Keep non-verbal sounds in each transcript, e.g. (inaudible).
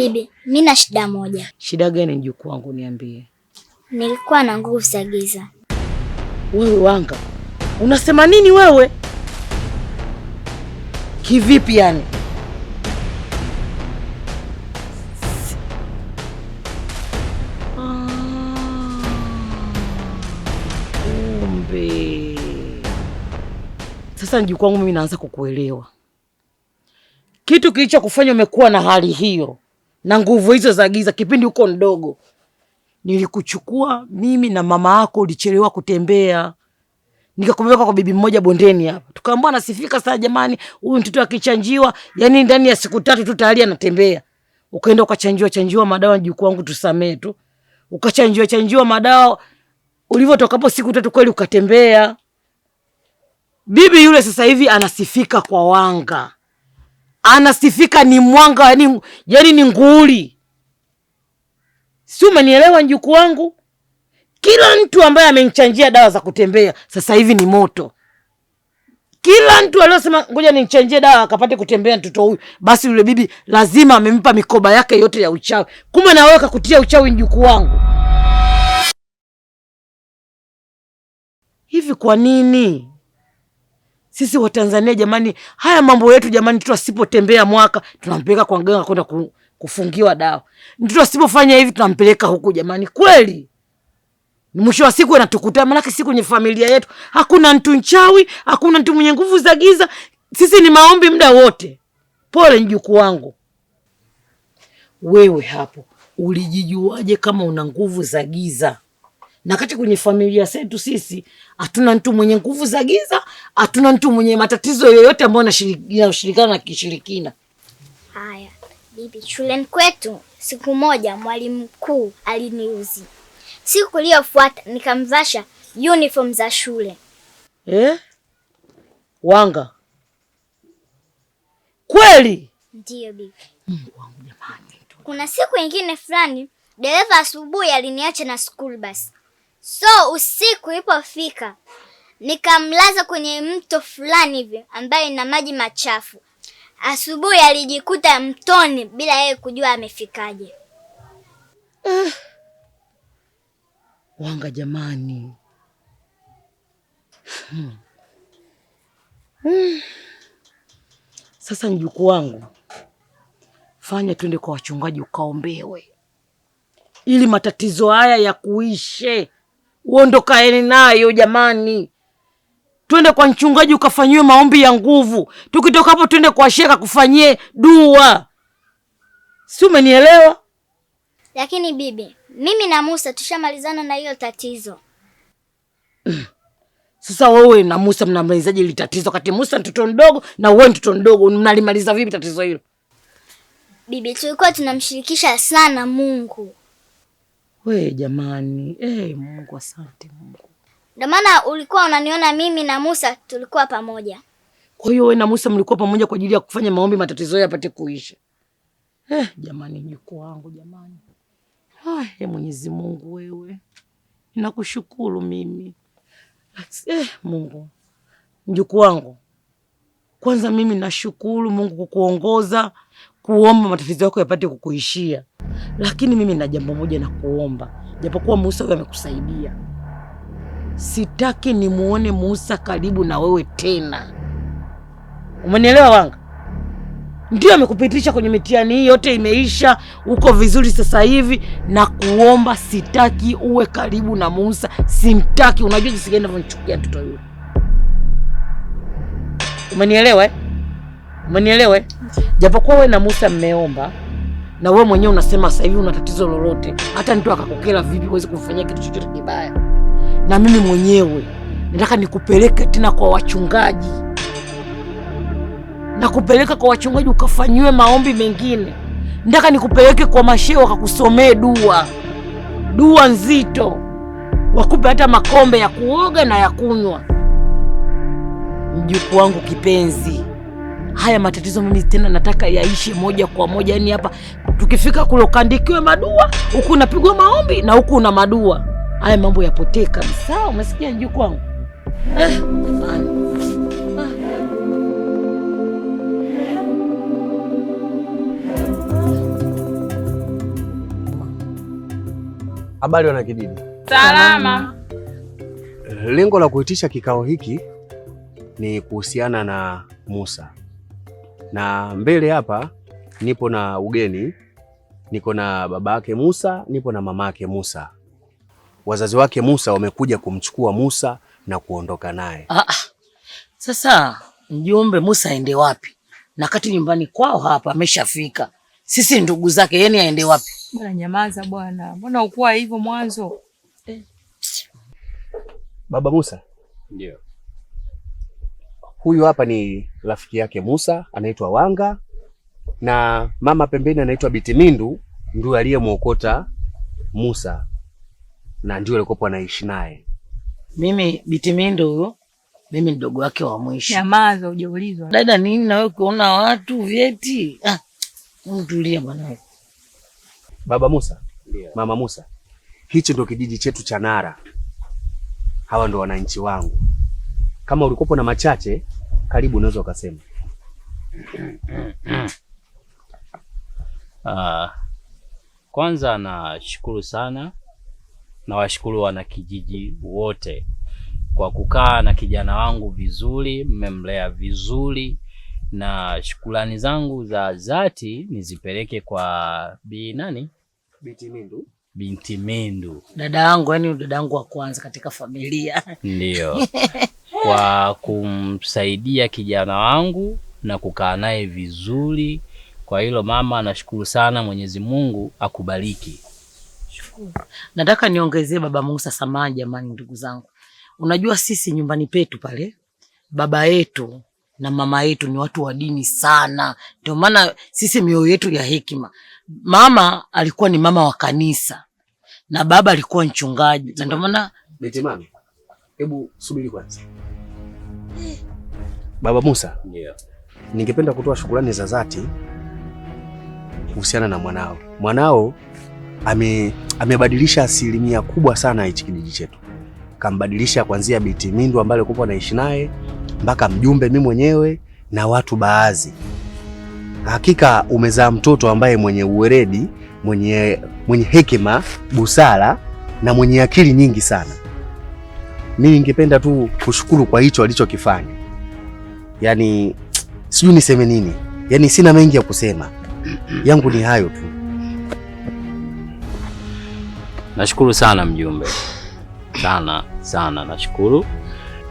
Bibi, mimi na shida moja. Shida gani mjukuu wangu? Niambie. Nilikuwa na nguvu za giza. Wewe wanga, unasema nini wewe? Kivipi yani? Ah, sasa, mjukuu wangu, mimi naanza kukuelewa kitu kilichokufanya umekuwa na hali hiyo na nguvu hizo za giza kipindi uko mdogo. Nilikuchukua mimi na mama yako, ulichelewa kutembea, nikakupeleka kwa bibi mmoja bondeni hapa, tukaambiwa anasifika sana. Jamani, huyu mtoto akichanjiwa, yani ndani ya siku tatu tu tayari anatembea. Ukaenda ukachanjiwa chanjiwa madawa, jukuu wangu tusamee tu, ukachanjiwa chanjiwa madawa. Ulivyotokapo siku tatu, kweli ukatembea. Bibi yule sasa hivi anasifika kwa wanga anasifika ni mwanga, yani yani ni nguli, si umenielewa njuku wangu? Kila mtu ambaye amenichanjia dawa za kutembea sasa hivi ni moto. Kila mtu aliyosema ngoja nimchanjie dawa akapate kutembea mtoto huyu, basi yule bibi lazima amempa mikoba yake yote ya uchawi. Kumbe na wewe kakutia uchawi, njuku wangu. Hivi kwa nini sisi Watanzania jamani, haya mambo yetu jamani, mtoto asipotembea mwaka tunampeleka kwa mganga kwenda kufungiwa dawa. Mtoto asipofanya hivi tunampeleka huku jamani, kweli mwisho wa siku anatukuta. Maanake si kwenye familia yetu hakuna mtu mchawi, hakuna mtu mwenye nguvu za giza. Sisi ni maombi muda wote. Pole mjukuu wangu. Wewe hapo ulijijuaje kama una nguvu za giza? na kati kwenye familia zetu sisi hatuna mtu mwenye nguvu za giza, hatuna mtu mwenye matatizo yoyote ambayo yanashirikana na kishirikina. Haya bibi, shuleni kwetu siku moja mwalimu mkuu aliniuzi. Siku iliyofuata nikamvasha uniform za shule eh? Wanga kweli? Ndiyo bibi. Mungu wangu jamani! Kuna siku ingine fulani dereva asubuhi aliniacha na school bus So usiku ilipofika, nikamlaza kwenye mto fulani hivi ambayo ina maji machafu. Asubuhi alijikuta mtoni bila yeye kujua amefikaje. Uh, wanga jamani, hmm. Hmm. Sasa mjukuu wangu, fanya twende kwa wachungaji ukaombewe, ili matatizo haya ya kuishe Uondokaeni nayo jamani, twende kwa mchungaji ukafanyiwe maombi ya nguvu, tukitoka hapo twende kwa sheka kufanyie dua, si umenielewa? Lakini bibi, mimi na Musa tushamalizana na hiyo tatizo. (clears throat) Sasa wewe na Musa mnamalizaje ile tatizo, kati Musa mtoto mdogo na wewe mtoto mdogo? Mnalimaliza vipi tatizo hilo? Bibi, tulikuwa tunamshirikisha sana Mungu We jamani, hey, eh, Mungu asante Mungu. Ndio maana ulikuwa unaniona mimi na Musa tulikuwa pamoja. Kwa hiyo wewe na Musa mlikuwa pamoja kwa ajili ya kufanya maombi matatizo yapate kuisha. Eh, jamani mjukuu wangu jamani. Ay, ah, eh, Mwenyezi Mungu wewe. Ninakushukuru mimi. Eh, Mungu. Mjukuu wangu. Kwanza mimi nashukuru Mungu kukuongoza kuomba matatizo yako yapate kukuishia. Lakini mimi na jambo moja na kuomba, japokuwa Musa huyo amekusaidia, sitaki nimuone Musa karibu na wewe tena. Umenielewa Wanga? Ndio amekupitisha kwenye mitihani hii yote, imeisha, uko vizuri sasa hivi, na kuomba, sitaki uwe karibu na Musa, simtaki. Unajua jinsi gani navyomchukia mtoto yule, umenielewa eh? Umenielewe? Eh? Japokuwa we na Musa mmeomba na wewe mwenyewe unasema sasa hivi una tatizo lolote, hata mtu akakokela vipi huwezi kumfanyia kitu chochote kibaya. Na mimi mwenyewe nataka nikupeleke tena kwa wachungaji, nakupeleka kwa wachungaji ukafanyiwe maombi mengine. Nataka nikupeleke kwa mashehe wakakusomee dua, dua nzito, wakupe hata makombe ya kuoga na ya kunywa. Mjukuu wangu kipenzi haya matatizo mimi tena nataka yaishi moja kwa moja. Yani hapa tukifika kule ukandikiwe madua, huku unapigwa maombi na huku una madua. Haya mambo yapotee kabisa, umesikia mjukuu wangu? Eh, habari wana kijiji. Salama. Lengo la kuitisha kikao hiki ni kuhusiana na Musa na mbele hapa nipo na ugeni, niko na baba yake Musa, nipo na mama yake Musa. Wazazi wake Musa wamekuja kumchukua Musa na kuondoka naye. Ah, ah. sasa mjumbe Musa aende wapi? na kati nyumbani kwao hapa ameshafika, sisi ndugu zake, yani aende wapi? Bwana nyamaza bwana, mbona ukuwa hivyo mwanzo eh? Baba Musa ndio Huyu hapa ni rafiki yake Musa anaitwa Wanga, na mama pembeni anaitwa Bitimindu, ndio aliyemwokota Musa na ndio alikopo anaishi naye. Mimi Bitimindu huyo mimi mdogo wake wa mwisho. Nyamaza, hujaulizwa dada nini na wewe kuona watu vyeti. Ah, mtulia bwana. Baba Musa, yeah. Mama Musa, hichi ndo kijiji chetu cha Nara. Hawa ndo wananchi wangu kama ulikopo na machache karibu, unaweza ukasema. Uh, kwanza nashukuru sana, nawashukuru wanakijiji wote kwa kukaa na kijana wangu vizuri, mmemlea vizuri, na shukrani zangu za dhati nizipeleke kwa bi nani, binti Mindu, binti Mindu, dada yangu, yani dada yangu wa kwanza katika familia ndio (laughs) kwa kumsaidia kijana wangu na kukaa naye vizuri. Kwa hilo mama, nashukuru sana. Mwenyezi Mungu akubariki. Shukuru. Nataka niongezee baba Musa, sasamaha jamani, ndugu zangu, unajua sisi nyumbani petu pale baba yetu na mama yetu ni watu wa dini sana, ndio maana sisi mioyo yetu ya hekima. Mama alikuwa ni mama wa kanisa na baba alikuwa mchungaji, na ndio maana. Beti mami, hebu subiri kwanza. Baba Musa, yeah. Ningependa kutoa shukrani za dhati kuhusiana na mwanao. Mwanao ame amebadilisha asilimia kubwa sana hichi kijiji chetu, kambadilisha kuanzia binti Mindu ambaye alikuwa anaishi naye mpaka mjumbe, mimi mwenyewe na watu baadhi. Hakika umezaa mtoto ambaye mwenye uweredi, mwenye, mwenye hekima, busara na mwenye akili nyingi sana mimi ningependa tu kushukuru kwa hicho alichokifanya. Yaani sijui niseme nini, yaani sina mengi ya kusema, yangu ni hayo tu. Nashukuru sana mjumbe, sana sana nashukuru.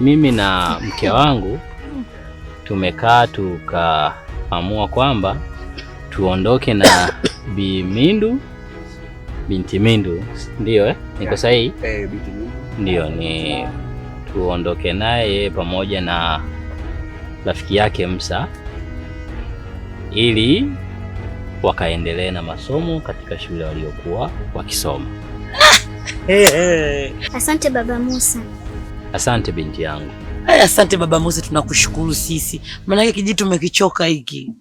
Mimi na mke wangu tumekaa tukaamua kwamba tuondoke na Bi Mindu binti Mindu, ndio eh? Niko sahihi eh? Binti Mindu ndio ni tuondoke naye pamoja na rafiki yake Musa ili wakaendelee na masomo katika shule waliokuwa wakisoma. Ah! Hey, hey. Asante baba Musa. Asante binti yangu. Hey, asante baba Musa, tunakushukuru sisi, maanake kijiji tumekichoka hiki,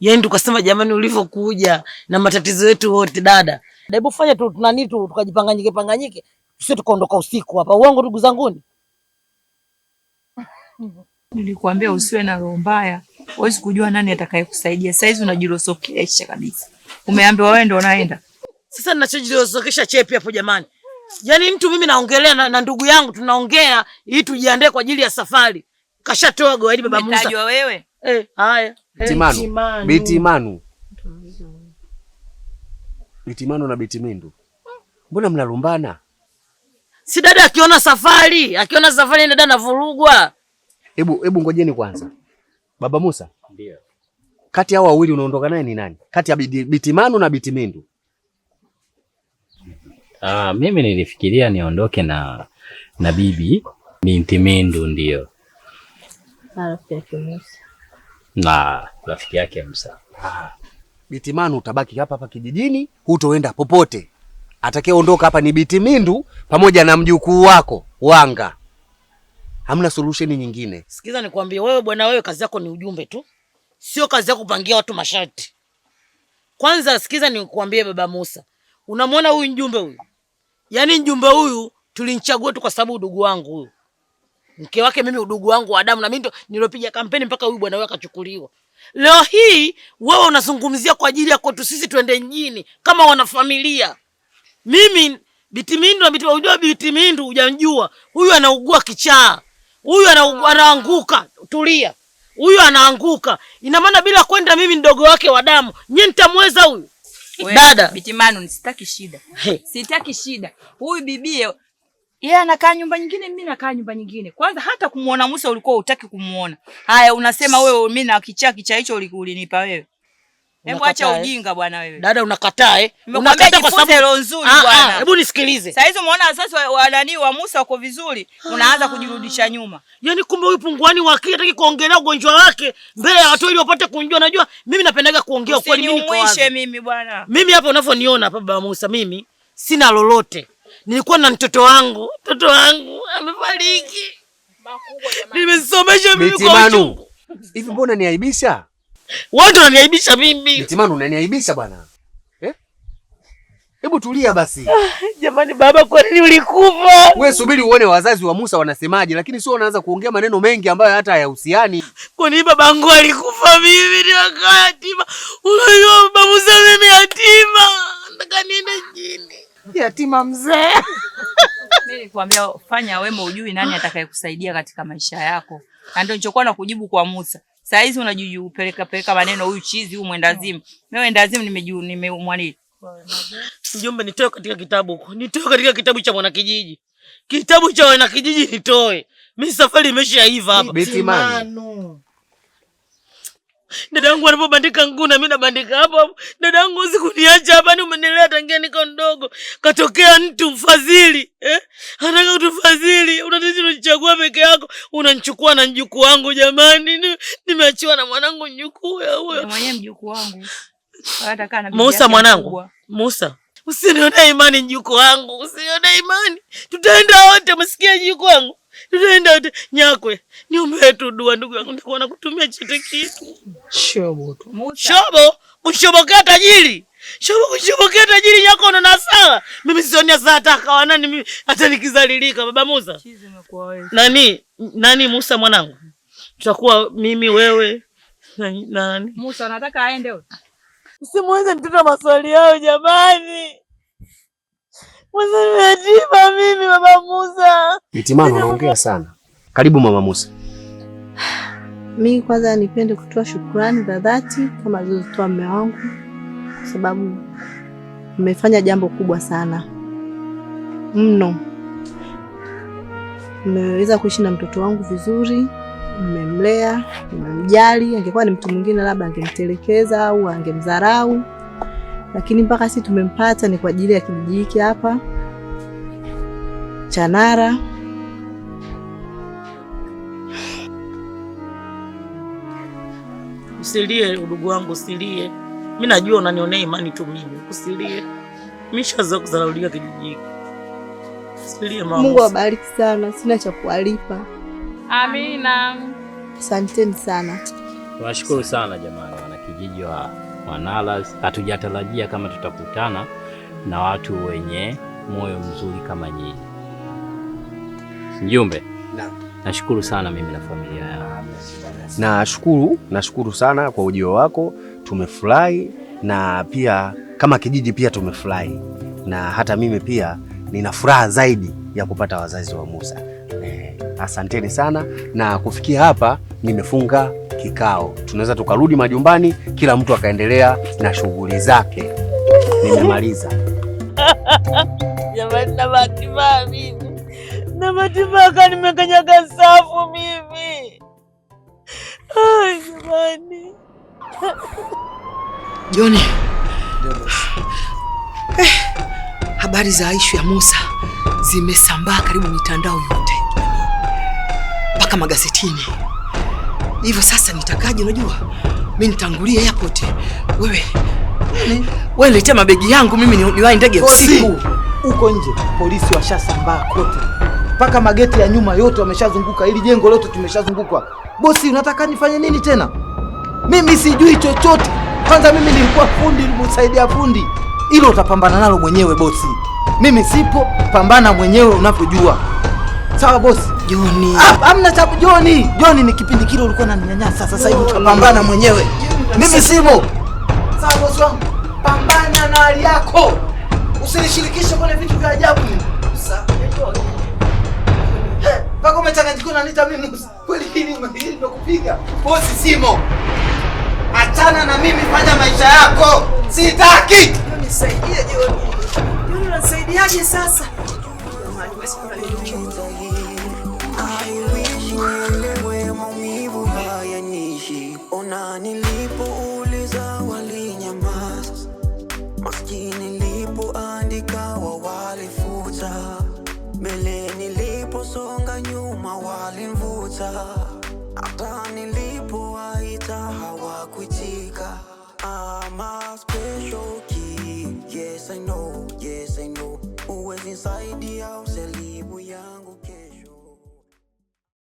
yaani tukasema jamani, ulivyokuja na matatizo yetu wote dada, hebu fanya tu tunani tu tukajipanganyike panganyike sio tukaondoka usiku hapa. Uongo ndugu zanguni, (laughs) nilikuambia usiwe na roho mbaya, huwezi kujua nani atakayekusaidia. Sasa hizi unajirosokesha kabisa, umeambiwa wewe ndio unaenda sasa. Ninachojirosokesha chepi hapo jamani, yaani mtu mimi naongelea na, na ndugu yangu tunaongea ili tujiandae kwa ajili ya safari, kashatoa gwaidi baba Musa. Unajua wewe eh? Haya, Bitimanu, eh. Bitimanu, Bitimanu na Bitimindu, mbona mnalumbana? Si dada akiona safari, akiona safari dada anavurugwa. Hebu hebu ngojeni kwanza. Baba Musa. Ndio. Kati ya hao wawili unaondoka naye ni nani? Kati ya Bitimanu na Bitimindu. Ah, mimi nilifikiria niondoke na na bibi Bitimindu ndio. Na rafiki yake Musa. Na rafiki yake Musa. Ah. Bitimanu utabaki hapa hapa kijijini, hutoenda popote atakayeondoka hapa ni Biti Mindu pamoja na mjukuu wako Wanga. Hamna solution nyingine. Sikiza nikwambie, wewe bwana, wewe kazi yako ni ujumbe tu, sio kazi yako kupangia watu masharti. Kwanza sikiza nikwambie, baba Musa, unamwona huyu mjumbe huyu, yaani mjumbe huyu tulimchagua tu kwa sababu udugu wangu huyu, mke wake mimi, udugu wangu wa damu, na mimi ndo nilopiga kampeni mpaka huyu bwana wewe akachukuliwa. Leo hii wewe unazungumzia kwa ajili ya kwetu sisi, twende mjini kama wanafamilia mimi Bitimindu na unajua Bitimindu hujamjua. Huyu anaugua kichaa. Huyu anaanguka, tulia. Huyu anaanguka. Ina maana bila kwenda mimi mdogo wake wa damu, nyinyi nitamweza huyu. Dada, Bitimanu sitaki shida. Hey. Sitaki shida. Huyu bibie yeye anakaa nyumba nyingine, mimi nakaa nyumba nyingine. Kwanza hata kumuona Musa ulikuwa utaki kumuona. Haya, unasema wewe mimi na kichaa kichaa hicho ulinipa wewe. Hebu acha ujinga bwana wewe. Dada unakataa eh? Unakataa kwa sababu leo nzuri ah, bwana. Ah, hebu nisikilize. Sasa hizo umeona sasa wadani wa Musa wako vizuri, unaanza kujirudisha nyuma. Yaani kumbe huyu punguani wa akili hataki kuongelea ugonjwa wake mbele ya watu ili wapate kunjua. Najua mimi napendaga kuongea kwa nini niko wazi. Mimi bwana. Mimi hapa unavyoniona hapa baba Musa mimi sina lolote. Nilikuwa na mtoto wangu. Mtoto wangu amefariki. Nimesomesha mimi kwa Hivi mbona niaibisha? Wote unaniaibisha mimi. Mitimani unaniaibisha bwana. Eh? Hebu tulia basi. Ah, jamani baba kwa nini ulikufa? Wewe subiri uone wazazi wa Musa wanasemaje, lakini sio unaanza kuongea maneno mengi ambayo hata hayahusiani. Kwa nini baba yangu alikufa mimi ni wakaya yatima? Unajua baba Musa mimi yatima. Nataka niende chini. Yatima mzee. (laughs) Mimi nilikwambia fanya wema, ujui nani atakayekusaidia katika maisha yako. Na ndio nilichokuwa nakujibu kwa Musa. Saa hizi unajuju peleka peleka maneno huyu chizi huyu mwendazimu. Mimi mwendazimu nimeju nimeumwani. Mjomba, nitoe katika kitabu huko. Nitoe katika kitabu cha mwanakijiji. Kitabu cha wanakijiji nitoe. Mimi safari imeshaiva hapa. Bitimanu. Dadangu anapobandika nguu na mimi nabandika hapo hapo. Dadangu usi kuniacha hapa, ni umenilea tangia niko mdogo. Katokea mtu mfadhili, eh? Anataka kutufadhili. Unataka unichagua peke yako, unanichukua na mjukuu wangu jamani. Nimeachiwa na mwanangu mjukuu ya huyo. Mwenyewe mjukuu wangu. Musa mwanangu. Musa. Usinione imani mjukuu wangu. Usinione imani. Tutaenda wote, masikia mjukuu wangu. Tunaenda Nyakwe, nyumba yetu dua, ndugu yangu, nitakuwa nakutumia chete kitu. Shobo tu. Shobo, kushobokea tajiri. Shobo kushobokea tajiri nyako na sala Mimi sioni saa atakawa nani mimi hata nikizalilika baba Musa. Nani? Nani Musa mwanangu? Tutakuwa mimi wewe na nani? Musa anataka aende. Usimuulize mtoto maswali yao jamani. Msiniajiba mimi Mama Musa. Itimama naongea sana. Karibu Mama Musa. Mimi kwanza nipende kutoa shukrani za dhati kama alizotoa mume wangu kwa sababu mmefanya jambo kubwa sana mno. Mmeweza kuishi na mtoto wangu vizuri, mmemlea, mmemjali. Angekuwa ni mtu mwingine, labda angemtelekeza au angemdharau lakini mpaka sisi tumempata ni kwa ajili ya kijiji hiki hapa chanara Usilie udugu wangu, usilie. Mimi najua unanionea imani tu mimi, usilie. Mimi shaza kuzalaulika kijiji hiki, usilie mama. Mungu awabariki sana, sina cha kuwalipa. Amina, asanteni sana, Tunashukuru sana jamani, wana kijiji wa Manalas. hatujatarajia kama tutakutana na watu wenye moyo mzuri kama nyinyi. Mjumbe, nashukuru sana mimi na familia yangu. Nashukuru, nashukuru sana kwa ujio wako, tumefurahi na pia kama kijiji pia tumefurahi, na hata mimi pia nina furaha zaidi ya kupata wazazi wa Musa. Eh, asanteni sana na kufikia hapa nimefunga kikao, tunaweza tukarudi majumbani, kila mtu akaendelea na shughuli zake. Nimemaliza (laughs) jamani. na matimaa mimi na matimaa nimekanyaga safu mimi jamani. (laughs) Joni, eh, habari za Aishu ya Musa zimesambaa karibu mitandao yote mpaka magazetini hivyo sasa nitakaje? Unajua mimi nitangulie airport, wewe wewe niletea mabegi yangu mimi niwai ndege usiku. Huko nje polisi washasambaa kote, mpaka mageti ya nyuma yote wameshazunguka, ili jengo lote tumeshazunguka. Bosi, unataka nifanye nini tena? Mimi sijui chochote. Kwanza mimi nilikuwa fundi, nilimsaidia fundi. Hilo utapambana nalo mwenyewe bosi, mimi sipo. Pambana mwenyewe unavyojua. Sawa bosi. Joni. Ah, hamna cha Joni. Joni ni kipindi kile ulikuwa unaninyanyasa, sasa hivi utapambana mwenyewe. Mimi simo. Sawa bosi wangu. Pambana na hali yako. Usinishirikishe kwenye vitu vya ajabu. Sasa Joni. Hey, pako umechanganyikiwa nita mimi Musa. Kweli hili nimekupiga. Bosi simo. Achana na mimi, fanya maisha yako. Sitaki. Nisaidie Joni. Joni unasaidiaje sasa? Jamani, basi kwa